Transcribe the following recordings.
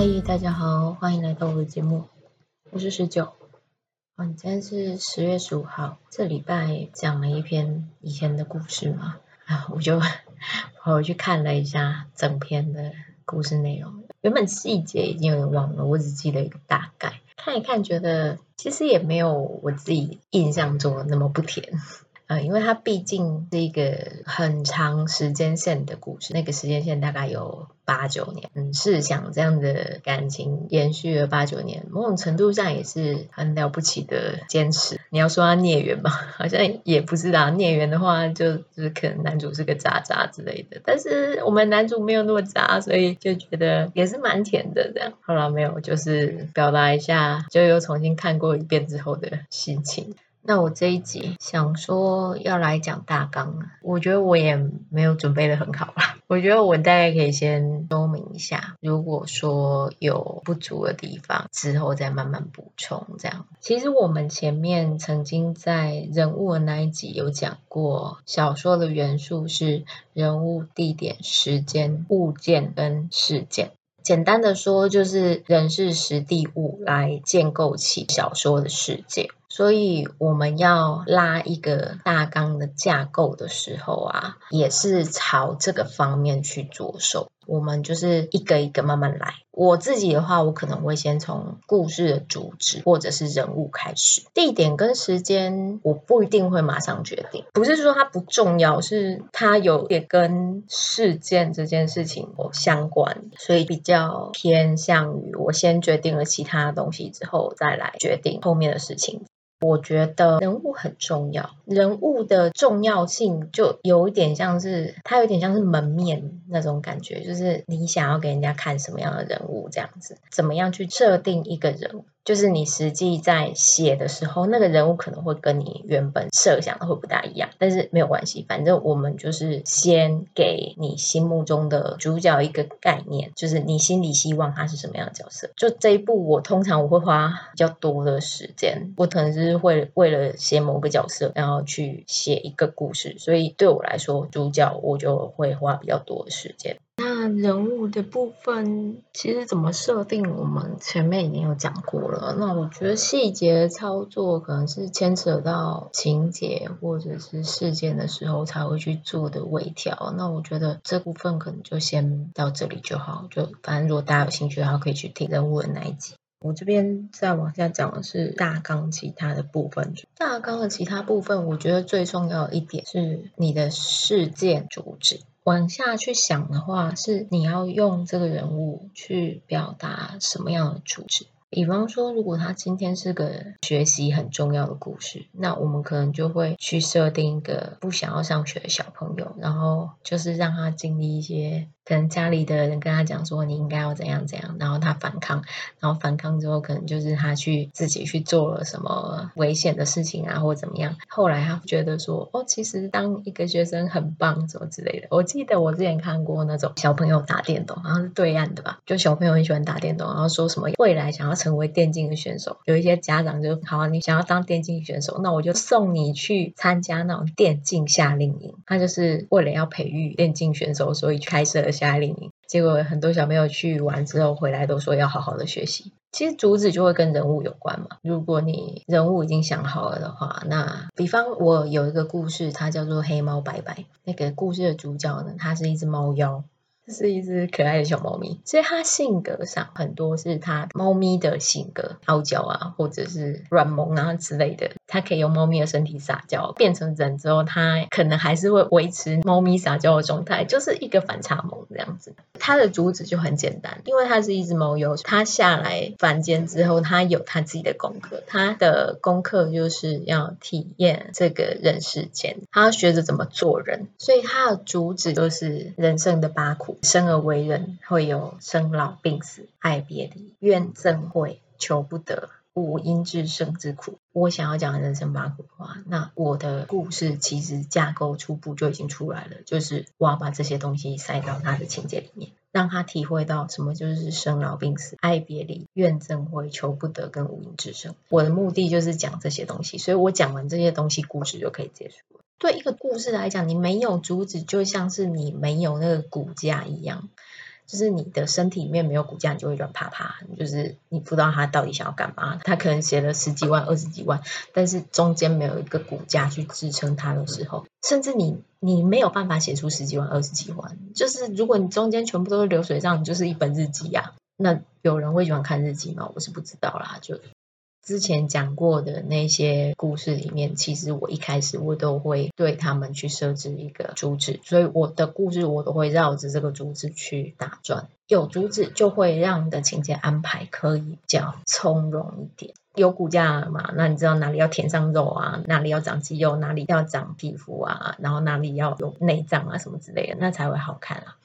嗨，大家好，歡迎來到我的節目，我是十九。嗯，今天是十月十五號，這禮拜講了一篇以前的故事嘛、啊，我就跑回去看了一下整篇的故事內容，原本細節已經有點忘了，我只記得一個大概。看一看，覺得其實也沒有我自己印象中的那麼不甜。啊、嗯，因為它畢竟是一個很長時間線的故事，那個時間線大概有八九年。嗯，試想這樣的感情延續了八九年，某種程度上也是很了不起的堅持。你要說他孽緣嘛，好像也不是、啊、孽緣的話，就就是可能男主是個渣渣之類的。但是我們男主沒有那麼渣，所以就覺得也是蠻甜的這樣。好了，沒有，就是表達一下，就又重新看過一遍之後的心情。那我這一集想說要來講大綱啊，我覺得我也沒有準備得很好了。我覺得我大概可以先說明一下，如果說有不足的地方，之後再慢慢補充這樣。其實我們前面曾經在人物的那一集有講過，小說的元素是人物、地點、時間、物件跟事件。簡單的說，就是人、事、時、地、物來建構起小說的世界。所以我們要拉一個大綱的架構的時候啊，也是朝這個方面去着手。我們就是一個一個慢慢來。我自己的話，我可能會先從故事的主旨或者是人物開始。地點跟時間，我不一定會馬上決定。不是說它不重要，是它有也跟事件這件事情有相關，所以比較偏向於我先決定了其他的東西之後，再來決定後面的事情。我覺得人物很重要，人物的重要性就有一點像是，它有點像是門面那種感覺，就是你想要給人家看什麼樣的人物，這樣子，怎麼樣去設定一個人物。就是你實際在寫的時候，那個人物可能會跟你原本設想的會不大一樣，但是沒有關係，反正我們就是先給你心目中的主角一個概念，就是你心裡希望他是什麼樣的角色。就這一步，我通常我會花比較多的時間，我可能是會為了寫某個角色，然後去寫一個故事，所以對我來說，主角我就會花比較多的時間。人物的部分其實怎麼設定，我們前面已經有講過了。那我覺得細節操作可能是牽扯到情節或者是事件的時候才會去做的微調。那我覺得這部分可能就先到這裡就好。就反正如果大家有興趣的話，可以去聽人物的那一集。我這邊再往下講的是大綱其他的部分。大綱的其他部分，我覺得最重要的一點是你的事件主旨。往下去想的話，是你要用這個人物去表達什麼樣的主旨。比方說，如果他今天是個學習很重要的故事，那我們可能就會去設定一個不想要上學的小朋友，然後就是讓他經歷一些。可能家裡的人跟他講說，你應該要怎樣怎樣，然後他反抗，然後反抗之後可能就是他去自己去做了什麼危險的事情啊，或怎麼樣。後來他覺得說哦，其實當一個學生很棒，什麼之類的。我記得我之前看過那種小朋友打電動，好像是對岸的吧，就小朋友很喜歡打電動，然後說什麼未來想要成為電競的選手。有一些家長就說好啊，你想要當電競選手，那我就送你去參加那種電競夏令營。他就是為了要培育電競選手，所以去開設了。家裡結果很多小朋友去玩之後回來都說要好好的學習。其實主旨就會跟人物有關嘛。如果你人物已經想好了的話，那比方我有一個故事，它叫做《黑貓白白》，那個故事的主角呢，它是一隻貓妖。是一只可愛的小貓咪，所以它性格上很多是它貓咪的性格，傲嬌啊，或者是軟萌啊之類的。它可以用貓咪的身體撒嬌，變成人之後，它可能還是會維持貓咪撒嬌的狀態，就是一個反差萌這樣子。它的主旨就很簡單，因為它是一只貓妖，它下來凡間之後，它有它自己的功課，它的功課就是要體驗這個人世間，它要學着怎麼做人，所以它的主旨就是人生的八苦。生而為人，會有生老病死、愛別離、怨憎會、求不得、五陰熾盛之苦。我想要講人生八苦的話，那我的故事其實架構初步就已經出來了，就是我要把這些東西塞到他的情節裡面，讓他體會到什麼就是生老病死、愛別離、怨憎會、求不得跟五陰熾盛。我的目的就是講這些東西，所以我講完這些東西，故事就可以結束。對一個故事來講，你沒有主旨，就像是你沒有那個骨架一樣，就是你的身體裡面沒有骨架，你就會軟趴趴。就是你不知道他到底想要幹嘛，他可能寫了十幾萬、二十幾萬，但是中間沒有一個骨架去支撐他的時候，甚至你你沒有辦法寫出十幾萬、二十幾萬。就是如果你中間全部都是流水賬，你就是一本日記呀、啊。那有人會喜歡看日記嗎？我是不知道啦。就。之前講過的那些故事裡面，其實我一開始我都會對他們去設置一個主旨。所以我的故事我都會繞着這個主旨去打轉。有主旨就會讓你的情節安排可以比較從容一點。有骨架了嘛？那你知道哪裡要填上肉啊？哪裡要長肌肉？哪裡要長皮膚啊？然後哪裡要有內臟啊？什麼之類的，那才會好看啊。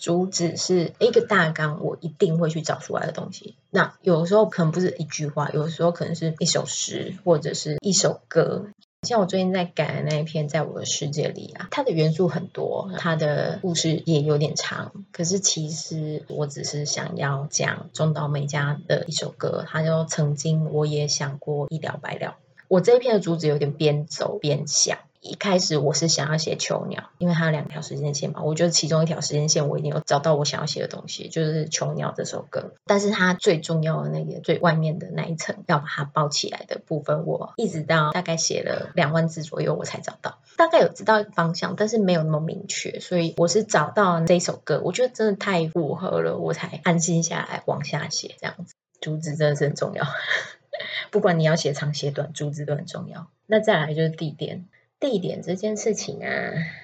主旨是一個大綱，我一定會去找出來的東西。那有的時候可能不是一句話，有的時候可能是一首詩或者是一首歌。像我最近在改的那一篇，在我的世界裡啊，它的元素很多，它的故事也有點長。可是其實我只是想要講中島美嘉的一首歌，他就曾經我也想過一了百了。我這一篇的主旨有點邊走邊想。一開始我是想要寫囚鳥，因為它有兩條時間線嘛，我覺得其中一條時間線我一定有找到我想要寫的東西，就是囚鳥這首歌。但是它最重要的那個最外面的那一層，要把它包起來的部分，我一直到大概寫了兩萬字左右，我才找到大概有知道方向，但是沒有那麼明確。所以我是找到這首歌，我覺得真的太符合了，我才安心下來往下寫。這樣子主旨真的是很重要， 不管你要寫長寫短，主旨都很重要。那再來就是地點。地點這件事情啊，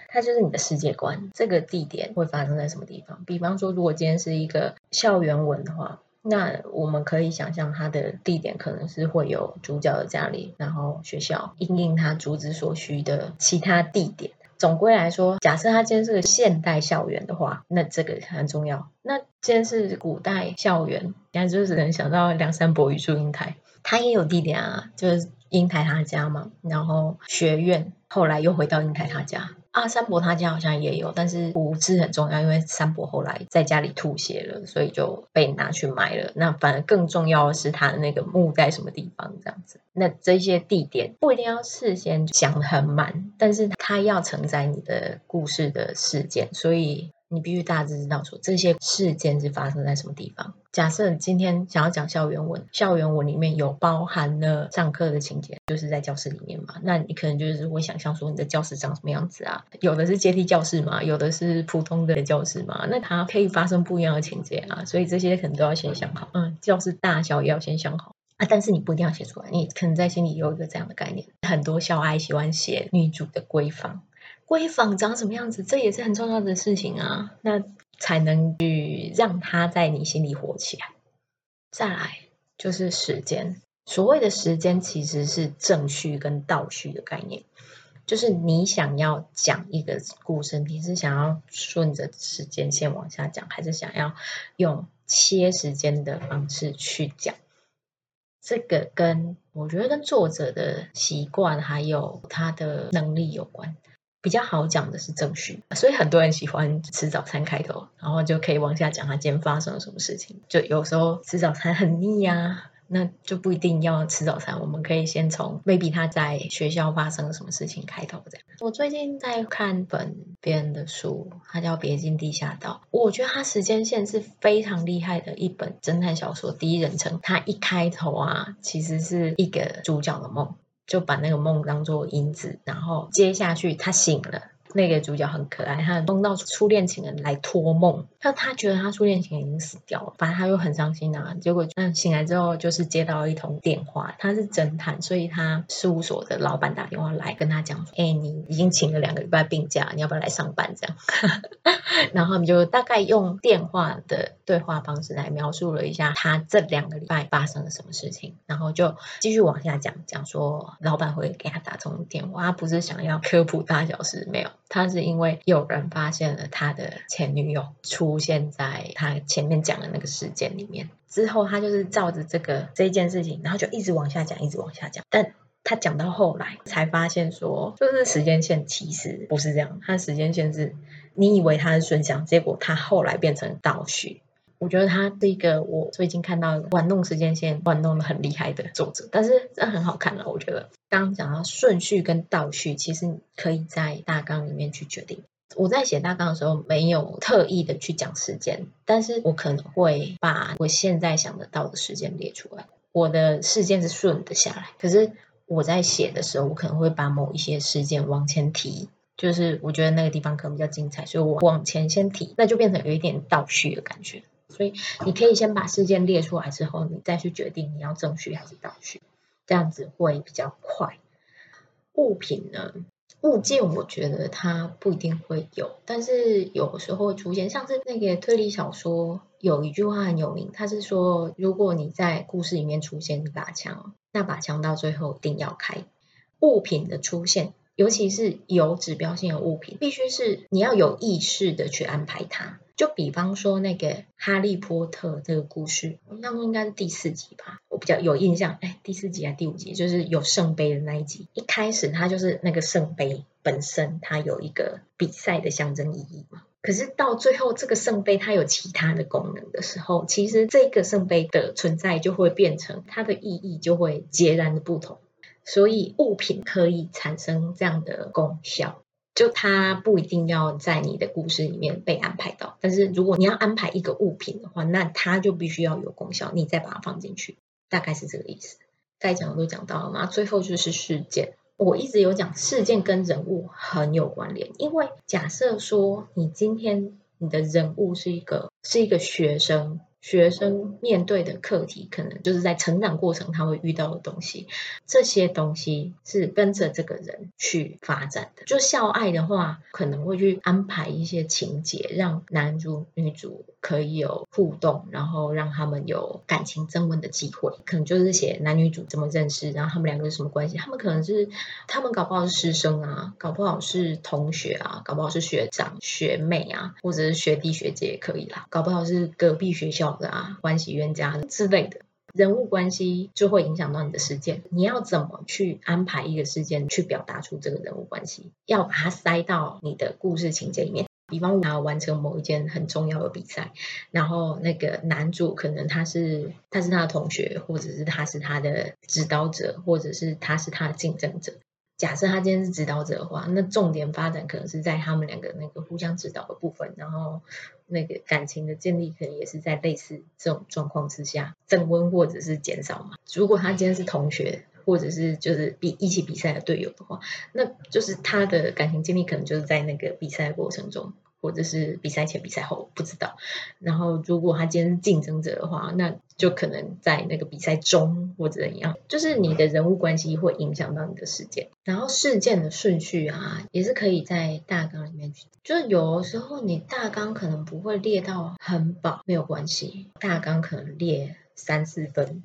它就是你的世界觀。這個地點會發生在什麼地方？比方說，如果今天是一個校園文的話，那我們可以想象它的地點可能是會有主角的家裡，然後學校，因應它主旨所需的其他地點。總歸來說，假設它今天是個現代校園的話，那這個很重要。那今天是古代校園，那就只能想到梁山伯與祝英台，它也有地點啊，就是。英台他家嘛，然後學院，後來又回到英台他家。啊，山伯他家好像也有，但是不是很重要，因為山伯後來在家裡吐血了，所以就被拿去埋了。那反而更重要的是他的那個墓在什麼地方這樣子。那這些地點不一定要事先想很滿，但是他要承載你的故事的事件，所以。你必須大致知道說這些事件是發生在什麼地方。假設今天想要講校園文，校園文裡面有包含了上課的情節，就是在教室裡面嘛。那你可能就是會想象說你的教室長什麼樣子啊？有的是階梯教室嘛，有的是普通的教室嘛。那它可以發生不一樣的情節啊，所以這些可能都要先想好。嗯，教室大小也要先想好啊。但是你不一定要寫出來，你可能在心裡有一個這樣的概念。很多校愛喜歡寫女主的閨房。閨房長什麼樣子？這也是很重要的事情啊，那才能去讓他在你心裡活起來。再來就是時間，所謂的時間其實是正序跟倒序的概念，就是你想要講一個故事，你是想要順着時間線往下講，還是想要用切時間的方式去講？這個跟我覺得跟作者的習慣還有他的能力有關。比較好講的是正序，所以很多人喜歡吃早餐開頭，然後就可以往下講他、啊、今天發生了什麼事情。就有時候吃早餐很膩啊，那就不一定要吃早餐，我們可以先從 maybe 他在學校發生了什麼事情開頭。這樣，我最近在看本別人的書，它叫《別進地下道》，我覺得它時間線是非常厲害的一本偵探小說。第一人稱，它一開頭啊，其實是一個主角的夢。就把那個夢當做引子，然後接下去他醒了。那個主角很可愛，他夢到初戀情人來托夢，他覺得他初戀情人已經死掉了，反正他又很傷心啊。結果，嗯，醒來之後就是接到一通電話，他是偵探，所以他事務所的老板打電話來跟他講說：“哎、欸，你已經請了兩個禮拜病假，你要不要來上班？”這樣， 然後你就大概用電話的對話方式來描述了一下他這兩個禮拜發生了什麼事情，然後就繼續往下講，講說老板會給他打通電話，他不是想要科普大小事，沒有。他是因為有人發現了他的前女友出現在他前面講的那個事件裡面之後，他就是照着這個這件事情，然後就一直往下講，一直往下講。但他講到後來才發現說，就是時間線其實不是這樣，他時間線是你以為他是順祥，結果他後來變成倒敘。我覺得他是一個我最近看到玩弄時間線玩弄得很厲害的作者，但是真的很好看了啊。我覺得剛剛講到順序跟倒序，其實你可以在大綱裡面去決定。我在寫大綱的時候沒有特意的去講時間，但是我可能會把我現在想得到的時間列出來。我的事件是順的下來，可是我在寫的時候，我可能會把某一些事件往前提，就是我覺得那個地方可能比較精彩，所以我往前先提，那就變成有一點倒敘的感覺。所以你可以先把事件列出來之後，你再去決定你要正序還是倒序，這樣子會比較快。物品呢？物件，我覺得它不一定會有，但是有時候會出現。像是那個推理小說有一句話很有名，它是說：如果你在故事裡面出現一把槍，那把槍到最後一定要開。物品的出現。尤其是有指標性的物品，必須是你要有意識的去安排它。就比方說那個《哈利波特》這個故事，那應該是第四集吧？我比較有印象，哎，第四集啊，第五集就是有聖杯的那一集。一開始它就是那個聖杯本身，它有一個比賽的象徵意義嘛。可是到最後，這個聖杯它有其他的功能的時候，其實這個聖杯的存在就會變成它的意義就會截然的不同。所以物品可以產生這樣的功效，就它不一定要在你的故事裡面被安排到。但是如果你要安排一個物品的話，那它就必須要有功效，你再把它放進去，大概是這個意思。該講的都講到了嘛，最後就是事件。我一直有講事件跟人物很有關聯，因為假設說你今天你的人物是一個是一個學生。學生面對的課題，可能就是在成長過程他會遇到的東西，這些東西是跟着這個人去發展的。就校愛的話，可能會去安排一些情節，讓男主女主可以有互動，然後讓他們有感情升溫的機會。可能就是寫男女主怎麼認識，然後他們兩個是什麼關係？他們可能是他們搞不好是師生啊，搞不好是同學啊，搞不好是學長學妹啊，或者是學弟學姐也可以啦，搞不好是隔壁學校。啊，歡喜冤家之類的人物關係，就會影響到你的事件。你要怎麼去安排一個事件，去表達出這個人物關係？要把它塞到你的故事情節裡面。比方說，你要完成某一件很重要的比賽，然後那個男主可能他是他是他的同學，或者是他是他的指導者，或者是他是他的競爭者。假設他今天是指導者的話，那重點發展可能是在他們兩個那個互相指導的部分，然後那個感情的建立可能也是在類似這種狀況之下升溫或者是減少嘛。如果他今天是同學或者是就是比一起比賽的隊友的話，那就是他的感情建立可能就是在那個比賽的過程中，或者是比賽前、比賽後不知道。然後，如果他今天是競爭者的話，那就可能在那個比賽中或者怎樣，就是你的人物關係會影響到你的事件。然後事件的順序啊，也是可以在大綱裡面去。就是有時候你大綱可能不會列到很飽，沒有關係，大綱可能列三四分。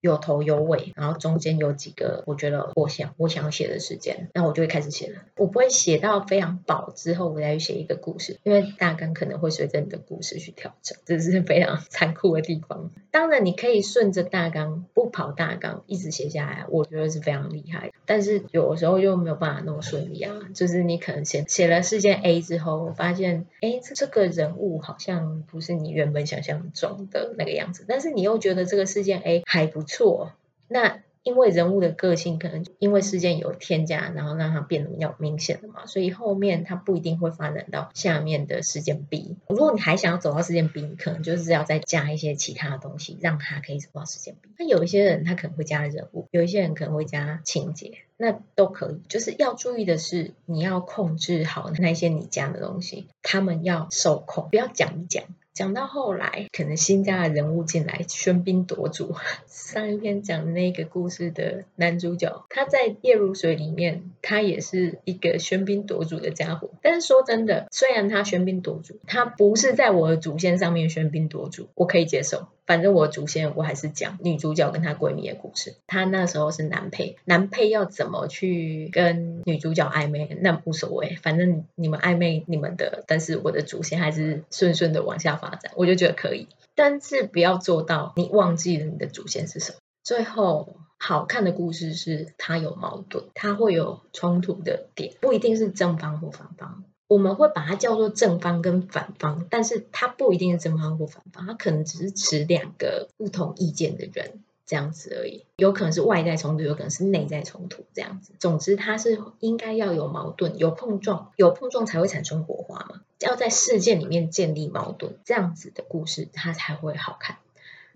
有頭有尾，然後中間有幾個我覺得我想我想要寫的事件，那我就會開始寫了。我不會寫到非常飽之後，我再去寫一個故事，因為大綱可能會隨着你的故事去調整，這是非常殘酷的地方。當然，你可以順着大綱不跑大綱一直寫下來，我覺得是非常厲害。但是有時候又沒有辦法那麼順利啊，就是你可能寫寫了事件 A 之後，我發現哎這這個人物好像不是你原本想象中的那個樣子，但是你又覺得這個事件 A 還不錯，那因為人物的個性可能因為事件有添加，然後讓它變得比較明顯的嘛，所以後面它不一定會發展到下面的事件 B。如果你還想要走到事件 B，你可能就是要再加一些其他的東西，讓它可以走到事件 B。那有一些人他可能會加人物，有一些人可能會加情節，那都可以。就是要注意的是，你要控制好那一些你加的東西，他們要受控，不要講一講。講到後來，可能新加的人物進來，喧賓奪主。上一篇講的那個故事的男主角，他在《夜如水》裡面，他也是一個喧賓奪主的家伙。但是說真的，雖然他喧賓奪主，他不是在我的主線上面喧賓奪主，我可以接受。反正我主線我還是講女主角跟她閨蜜的故事，她那時候是男配，男配要怎麼去跟女主角曖昧那無所謂，反正你們曖昧你們的，但是我的主線還是順順的往下發展，我就覺得可以，但是不要做到你忘記了你的主線是什麼。最後好看的故事是它有矛盾，它會有衝突的點，不一定是正方或反方、方。我們會把它叫做正方跟反方，但是它不一定是正方或反方，它可能只是持兩個不同意見的人這樣子而已。有可能是外在衝突，有可能是內在衝突這樣子。總之，它是應該要有矛盾、有碰撞，有碰撞才會產生火花嘛。要在事件裡面建立矛盾，這樣子的故事它才會好看。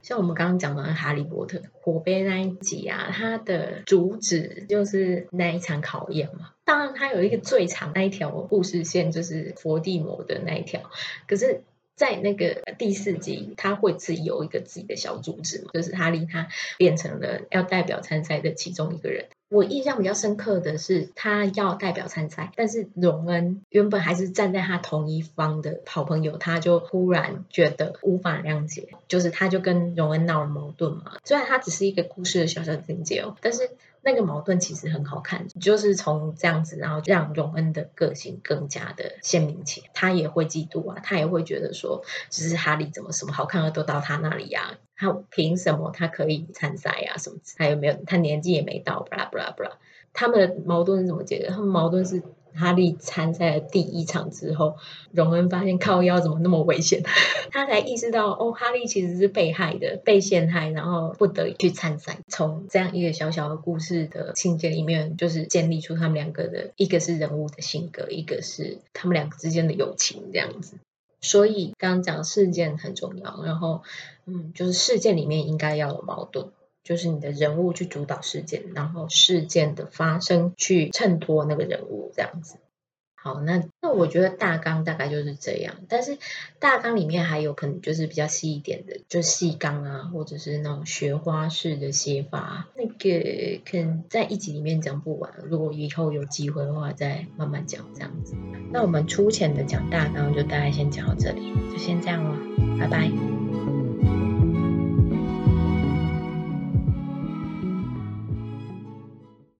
像我們剛剛講的《哈利波特》火杯那一集啊，它的主旨就是那一場考驗嘛。當然，它有一個最長那一條故事線，就是伏地魔的那一條。可是。在那個第四集，他會自己有一個自己的小組織，就是他裡他變成了要代表參賽的其中一個人。我印象比較深刻的是，他要代表參賽，但是榮恩原本還是站在他同一方的好朋友，他就突然覺得無法諒解，就是他就跟榮恩鬧了矛盾嘛。雖然他只是一個故事的小小情節哦，但是。那個矛盾其實很好看，就是從這樣子，然後讓榮恩的個性更加的鮮明起。他也會嫉妒啊，他也會覺得說，只是哈利怎麼什麼好看的都到他那裡呀，啊？他憑什麼他可以參賽呀，啊？什麼？他有沒有？他年紀也沒到，巴拉巴拉巴拉。Blah blah blah. 他們的矛盾是怎麼解決？他們矛盾是。哈利參賽了第一場之後，榮恩發現靠腰怎麼那麼危險， 他才意識到哦，哈利其實是被害的，被陷害，然後不得已去參賽。從這樣一個小小的故事的情節裡面，就是建立出他們兩個的一個是人物的性格，一個是他們兩個之間的友情這樣子。所以，剛剛講事件很重要，然後，嗯，就是事件裡面應該要有矛盾。就是你的人物去主導事件，然後事件的發生去襯托那個人物這樣子。好，那那我覺得大綱大概就是這樣，但是大綱裡面還有可能就是比較細一點的，就細綱啊，或者是那種雪花式的寫法，那個可能在一集裡面講不完，如果以後有機會的話再慢慢講這樣子。那我們粗淺的講大綱就大概先講到這裡，就先這樣了，拜拜。